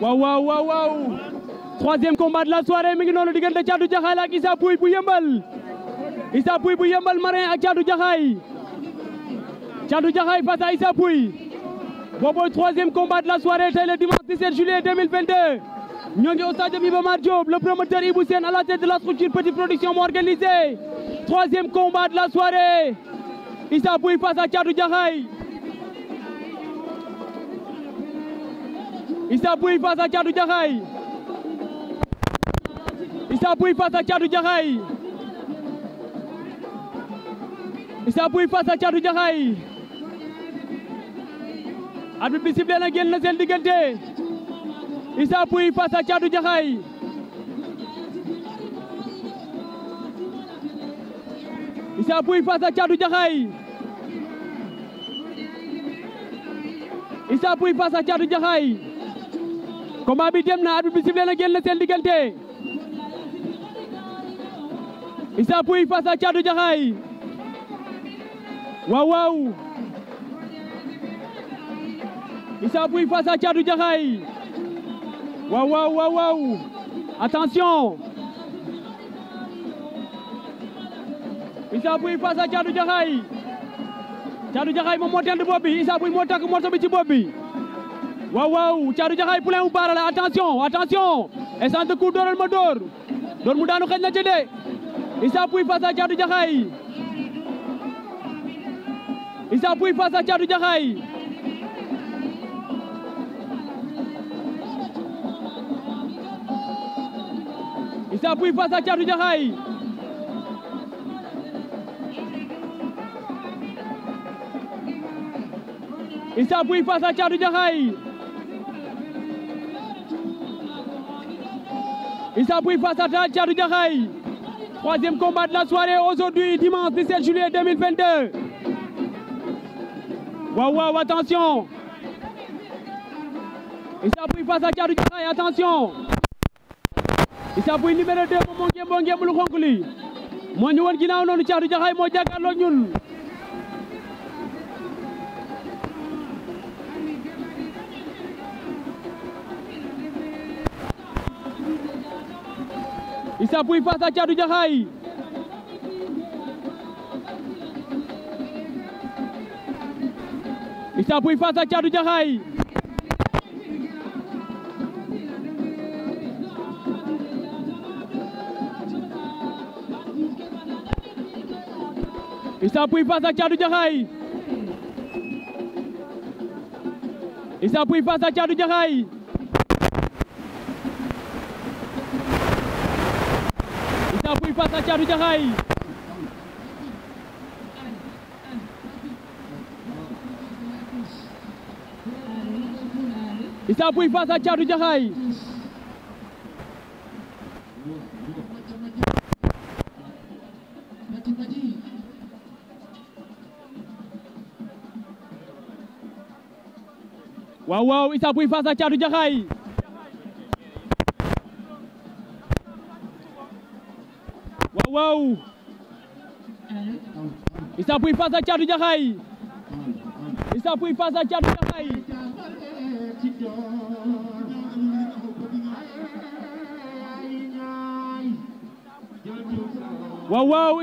Waouh, waouh, waouh, waouh troisième combat de la soirée mi le noonu de Tchadou Diakhaay ak Issa Pouy, bu yëmbal Issa Pouy, bu marin à Tchadou Diakhaay Tchadou Diakhaay face à Issa Pouye troisième combat de la soirée c'est le dimanche 17 juillet 2022 ñoo au stade Diop le promoteur Ibou à la tête de la structure Petite Production organisée. troisième combat de la soirée Issa Pouy, face à Tchadou Diakhaay Issa Pouye face à Thiatou Diakhaay Issa Pouye face à Thiatou Diakhaay Issa Pouye face à Thiatou Diakhaay arbitre bi sifflé na génn na seen diggante Issa Pouye face à Thiatou Diakhaay Issa Pouye face à Thiatou Diakhaay Issa Pouye face à Thiatou Diakhaay combat bi dem na arbitre bi sifflé na génn na face à Tchadou Diakhaay Waouh waaw Issa face à Tchadou Diakhaay Waouh waaw Waouh attention Il Pouy face à Tchadou Diakhaay Tchadou Diakhaay mon moo de Bobby, Issa Pouye bi ci waouh, waouh, du Jaxaay poulet ou baara attention attention Et ça te dooral ma le door Il s'appuie xëj ci de face à du Il s'appuie face à du Jaxaay Il s'appuie face à du Il s'appuie face à du Il s'appuie face à Tchadou Thiatou Troisième combat de la soirée aujourd'hui, dimanche 17 juillet 2022. Waouh, waouh, attention. Il s'appuie face à Thiatou attention. Il s'appuie numéro 2 pour moo ngemb pour le lu Moi, li moo ñu woon ginnaaw noonu Thiatou Diakhaye Il s'appuie pas à Tchadou Djahaï. Il s'appuie face à Tchadou Djahaï. Il s'appuie face à Tchadou Djahaï. Il s'appuie face à Tchadou Djahaï. face à Thiatou Diakhaay Issa Pouye face à waaw waaw Issa Pouye face à Thiatou Diakhaay ñëw Issa Pouye face à Thiatou Niakhaye Issa Pouye face à Thiatou Niakhaye waaw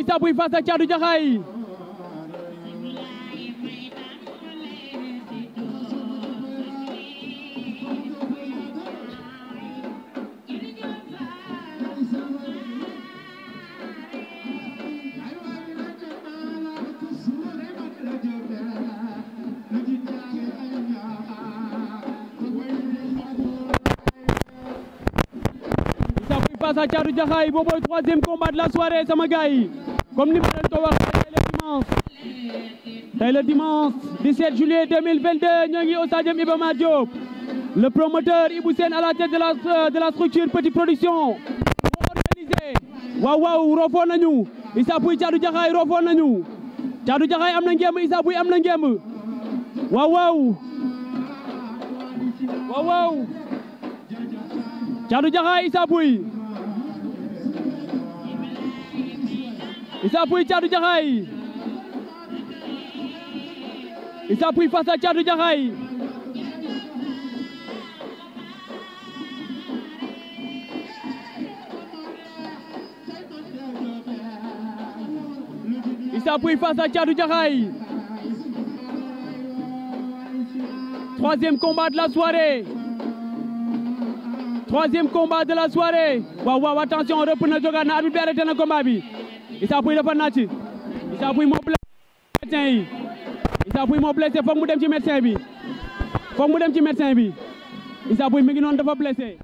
face à Thiatou Diakhaay le troisième combat de la soirée sama comme nous le savons, c'est le dimanche C'est le dimanche 17 juillet 2022 ñoo ngi au stadium Iba Mar Diop le promoteur Iboussène à la tête de la euh, de la structure Petite Production moo organisé waaw waaw nous Il s'appuie Pouye Thiatou Diakhaay nous nañu Thiatou Diakhaay am na ngemb Issa waouh. Waouh, waouh. waaw waaw waaw Il s'appuie Tchadou Diakhaay Il s'appuie face à Tchadou Diakhaay Il s'appuie face à du Diakhaay troisième combat de la soirée troisième combat de la soirée Waouh waouh attention on reprend notre joga combat Issa Pouye dafa naaj ci Issa moo blessé médecin yi Issa moo blessé foog mu dem ci médecin bi foog mu dem ci médecin bi Issa Pouye mi ngi noonu dafa blessé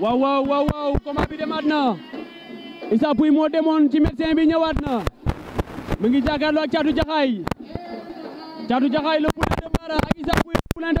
waaw waaw waaw waaw combat bi demaat na Issa moo demoon ci médecin bi ñëwaat na mi ngi jàkkaarloo ak Thiatou Diakhaye Thiatou Diakhaye le poulain de Mara ak Issa Pouye le poulain de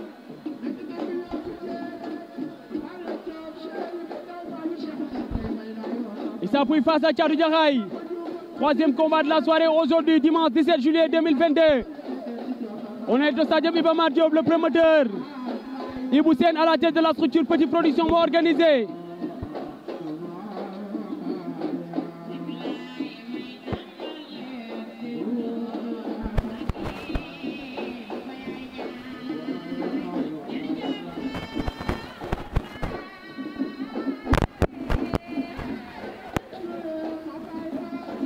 Il s'appuie face à Tchadou Troisième combat de la soirée aujourd'hui, dimanche 17 juillet 2022. On est au stade Ibama Diop, le promoteur. Sen à la tête de la structure petite Production organisée.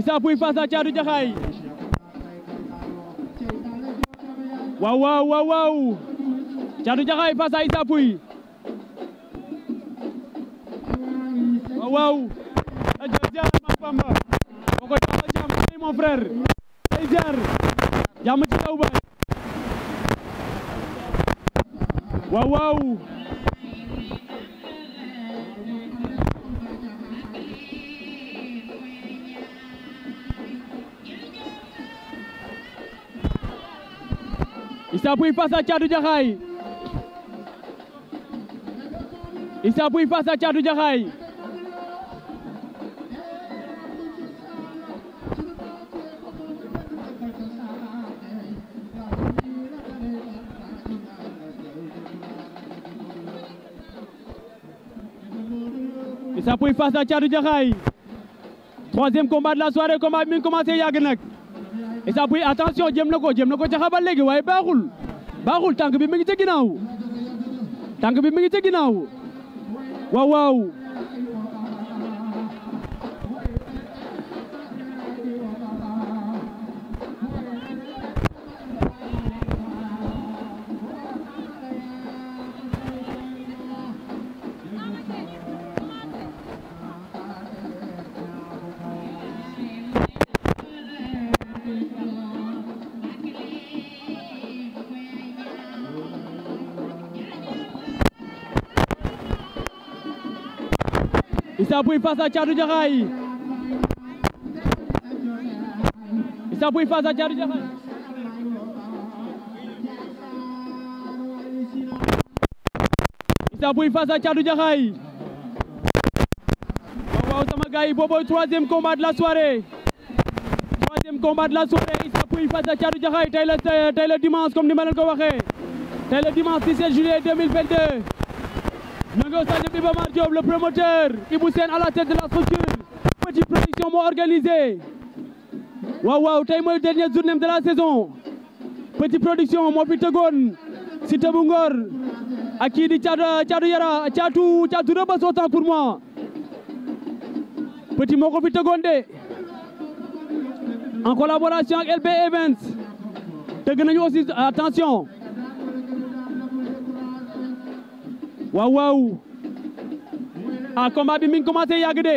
Issa Pouye face à Thiatou Diakhaay waaw waaw waaw waaw Thiatou Diakhaay face à Issa mon frère ay jar jam ci taw bay waaw s'appuie face à du Diaraï. Il s'appuie face à Tchadou Diaraï. Il face à du Troisième combat de la soirée, combat bien commencé Yagnak. Et ça, attention, Djem Loko, Djem Loko, Tchahabal Légui, baaxul tànk bi mi ngi ca ginnaaw tànk bi mi ngi ca ginnaaw waaw waaw Issa Pouye face à Thiatou Diaray Issa Pouye face à Thiatou Diaray Issa Pouye face à Thiatou Diaray oh, waaw sama gars yi troisième combat de la soirée troisième combat de la soirée Issa Pouye face à Thiatou Diaray tey le dimanche comme ni ma ko dimanche 17 juillet 2022 nous de le promoteur. Iboussène à la tête de la structure. Petite production moi organisée. Waouh, waouh, c'est le dernière journée de la saison. Petite production, moi Pitagon, Sita Bungor, Akidi Tchadou Yara, Tchadou, Tchadou Rebas autant pour moi. Petit Moko Pitagonde, en collaboration avec LB Events. Attention, Waouh waaw ah combat bi mi ngi commencé yàgg de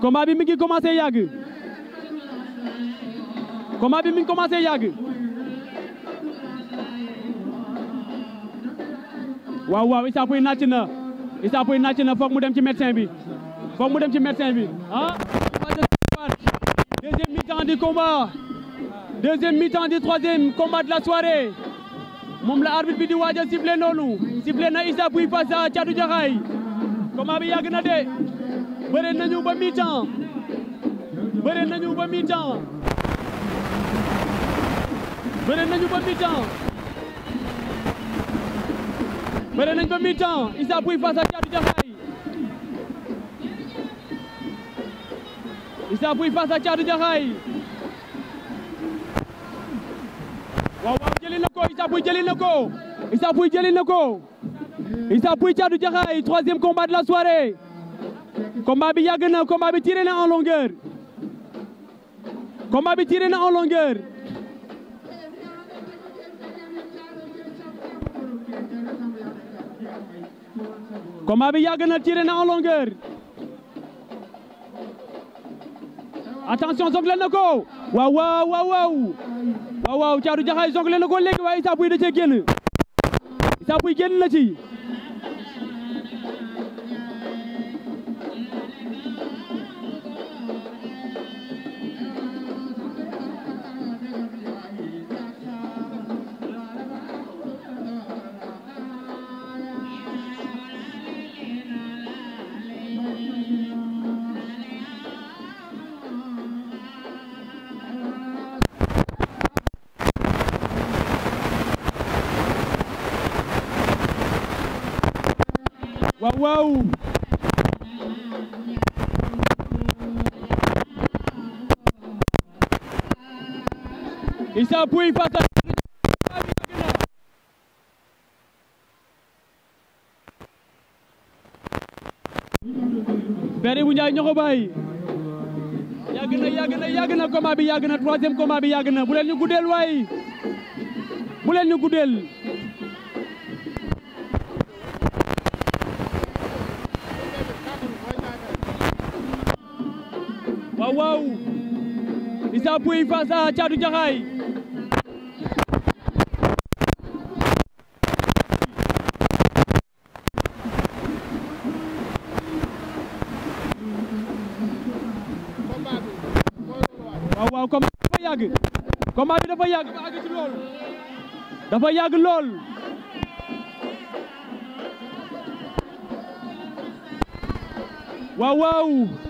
combat bi mi ngi commencé yàgg combat bi mi ngi commencé yàgg Waouh waaw Issa Pouye nàcc na Issa Pouye nàcc na mu dem ci médecin bi foog mu dem ci médecin bi ah deuxième mi-temps du combat deuxième mi-temps du troisième combat de la soirée Mon la arbitre bi di waaj a sifflé sible na Issa Pouye face à Thiatou Diakhaay combat bi na de bëre nañu ba mi-temps bëre nañu ba mi-temps bëre nañu ba mi-temps bëre nañu ba mi-temps Issa Pouye face à Thiatou Diakhaay Issa Pouye face à na ko Issa Pouye na ko Issa Pouye na ko Mm. Issa Pouye Thiatou Diakhaay troisième combat de la soirée combat bi yàgg na combat bi tiré na en longueur combat bi tiré na en longueur combat bi yàgg na tiré na en longueur attention songle na ko waaw waaw waaw waaw waaw waaw na ko léegi waaye Issa Pouye da cee génn Issa Pouye génn na ci waaw waaw Issa Pouye face à Béry bu Ndiaye ñoxo baay yàgg na yàgg na yàgg na combat bi yàgg na troisième combat bi yàgg ñu guddeel waay bu ñu guddeel Aja Pouye face à Thiatou waaw waaw combat dafa yàgg lool lool waaw waaw